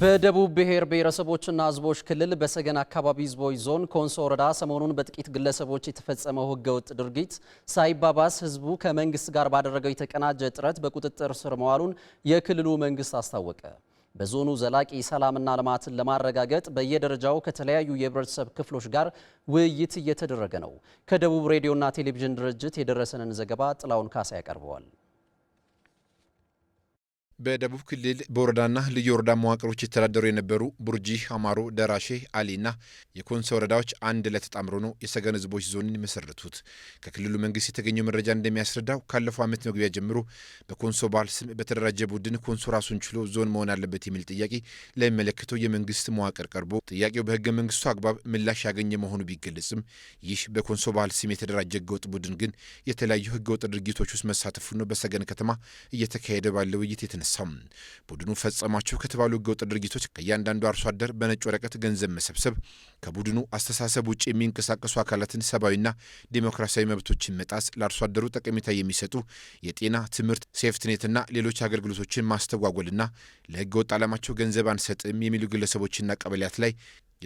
በደቡብ ብሔር ብሔረሰቦችና ሕዝቦች ክልል በሰገን አካባቢ ህዝቦች ዞን ኮንሶ ወረዳ ሰሞኑን በጥቂት ግለሰቦች የተፈጸመው ህገወጥ ድርጊት ሳይባባስ ህዝቡ ከመንግስት ጋር ባደረገው የተቀናጀ ጥረት በቁጥጥር ስር መዋሉን የክልሉ መንግስት አስታወቀ። በዞኑ ዘላቂ ሰላምና ልማትን ለማረጋገጥ በየደረጃው ከተለያዩ የህብረተሰብ ክፍሎች ጋር ውይይት እየተደረገ ነው። ከደቡብ ሬዲዮና ቴሌቪዥን ድርጅት የደረሰንን ዘገባ ጥላውን ካሳ ያቀርበዋል። በደቡብ ክልል በወረዳና ልዩ ወረዳ መዋቅሮች የተዳደሩ የነበሩ ቡርጂ፣ አማሮ፣ ደራሼ፣ አሊና የኮንሶ ወረዳዎች አንድ ላይ ተጣምሮ ነው የሰገን ህዝቦች ዞንን መሰረቱት። ከክልሉ መንግስት የተገኘው መረጃ እንደሚያስረዳው ካለፈው ዓመት መግቢያ ጀምሮ በኮንሶ ባህል ስም በተደራጀ ቡድን ኮንሶ ራሱን ችሎ ዞን መሆን አለበት የሚል ጥያቄ ለሚመለከተው የመንግስት መዋቅር ቀርቦ ጥያቄው በህገ መንግስቱ አግባብ ምላሽ ያገኘ መሆኑ ቢገለጽም ይህ በኮንሶ ባህል ስም የተደራጀ ህገወጥ ቡድን ግን የተለያዩ ህገወጥ ድርጊቶች ውስጥ መሳተፉ ነው በሰገን ከተማ እየተካሄደ ባለ ውይይት የተነሳ አነሳም። ቡድኑ ፈጸማቸው ከተባሉ ህገወጥ ድርጊቶች ከእያንዳንዱ አርሶ አደር በነጭ ወረቀት ገንዘብ መሰብሰብ፣ ከቡድኑ አስተሳሰብ ውጭ የሚንቀሳቀሱ አካላትን ሰብአዊና ዴሞክራሲያዊ መብቶችን መጣስ፣ ለአርሶ አደሩ ጠቀሜታ የሚሰጡ የጤና ትምህርት፣ ሴፍትኔትና ሌሎች አገልግሎቶችን ማስተጓጎልና ለህገወጥ ዓላማቸው ገንዘብ አንሰጥም የሚሉ ግለሰቦችና ቀበሌያት ላይ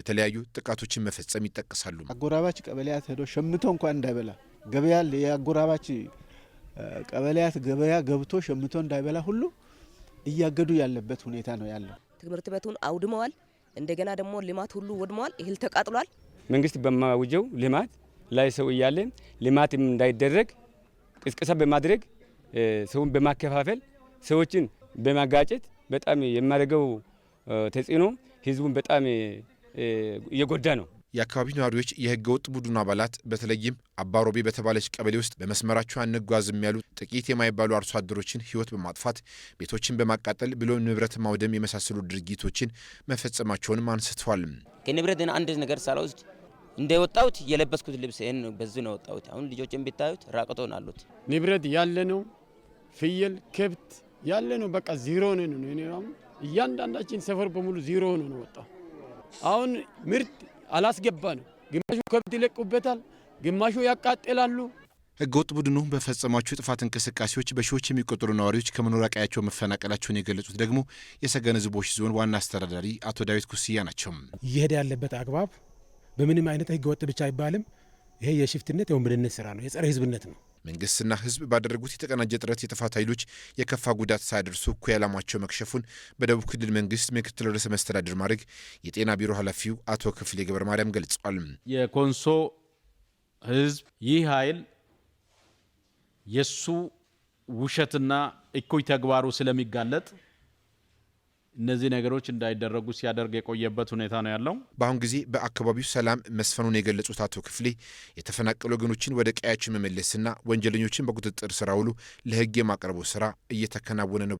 የተለያዩ ጥቃቶችን መፈጸም ይጠቀሳሉ። አጎራባች ቀበሌያት ሄዶ ሸምቶ እንኳን እንዳይበላ ገበያ የአጎራባች ቀበሌያት ገበያ ገብቶ ሸምቶ እንዳይበላ ሁሉ እያገዱ ያለበት ሁኔታ ነው ያለው። ትምህርት ቤቱን አውድመዋል። እንደገና ደግሞ ልማት ሁሉ ወድመዋል። እህል ተቃጥሏል። መንግስት በማውጀው ልማት ላይ ሰው እያለ ልማትም እንዳይደረግ ቅስቀሳ በማድረግ ሰውን በማከፋፈል ሰዎችን በማጋጨት በጣም የሚያደርገው ተጽዕኖ ህዝቡን በጣም እየጎዳ ነው። የአካባቢ ነዋሪዎች የህገ ወጥ ቡድኑ አባላት በተለይም አባሮቤ በተባለች ቀበሌ ውስጥ በመስመራቸው አንጓዝም ያሉ ጥቂት የማይባሉ አርሶ አደሮችን ህይወት በማጥፋት ቤቶችን በማቃጠል ብሎ ንብረት ማውደም የመሳሰሉ ድርጊቶችን መፈጸማቸውንም አንስተዋል። ከንብረትን አንድ ነገር ሳልወስድ እንደወጣሁት የለበስኩት ልብስ ይህን በዙ ነው ወጣሁት። አሁን ልጆችን ቢታዩት ራቅቶ ነው አሉት። ንብረት ያለ ነው ፍየል፣ ከብት ያለ ነው በቃ ዜሮ ነን። እያንዳንዳችን ሰፈር በሙሉ ዜሮ ሆኖ ነው ወጣው አሁን ምርት አላስገባን ግማሹ ከብት ይለቁበታል፣ ግማሹ ያቃጥላሉ። ህገወጥ ቡድኑ በፈጸሟቸው የጥፋት እንቅስቃሴዎች በሺዎች የሚቆጠሩ ነዋሪዎች ከመኖሪያ ቀያቸው መፈናቀላቸውን የገለጹት ደግሞ የሰገን ህዝቦች ዞን ዋና አስተዳዳሪ አቶ ዳዊት ኩስያ ናቸው። እየሄደ ያለበት አግባብ በምንም አይነት ህገወጥ ብቻ አይባልም። ይሄ የሽፍትነት የወንብድነት ስራ ነው፣ የጸረ ህዝብነት ነው። መንግስትና ህዝብ ባደረጉት የተቀናጀ ጥረት የጥፋት ኃይሎች የከፋ ጉዳት ሳያደርሱ እኩይ ዓላማቸው መክሸፉን በደቡብ ክልል መንግስት ምክትል ርዕሰ መስተዳድር ማድረግ የጤና ቢሮ ኃላፊው አቶ ክፍሌ ገብረ ማርያም ገልጿል። የኮንሶ ህዝብ ይህ ኃይል የሱ ውሸትና እኩይ ተግባሩ ስለሚጋለጥ እነዚህ ነገሮች እንዳይደረጉ ሲያደርግ የቆየበት ሁኔታ ነው ያለው። በአሁን ጊዜ በአካባቢው ሰላም መስፈኑን የገለጹት አቶ ክፍሌ የተፈናቀሉ ወገኖችን ወደ ቀያቸው መመለስና ወንጀለኞችን በቁጥጥር ስር አውሎ ለሕግ የማቅረቡ ስራ እየተከናወነ ነው።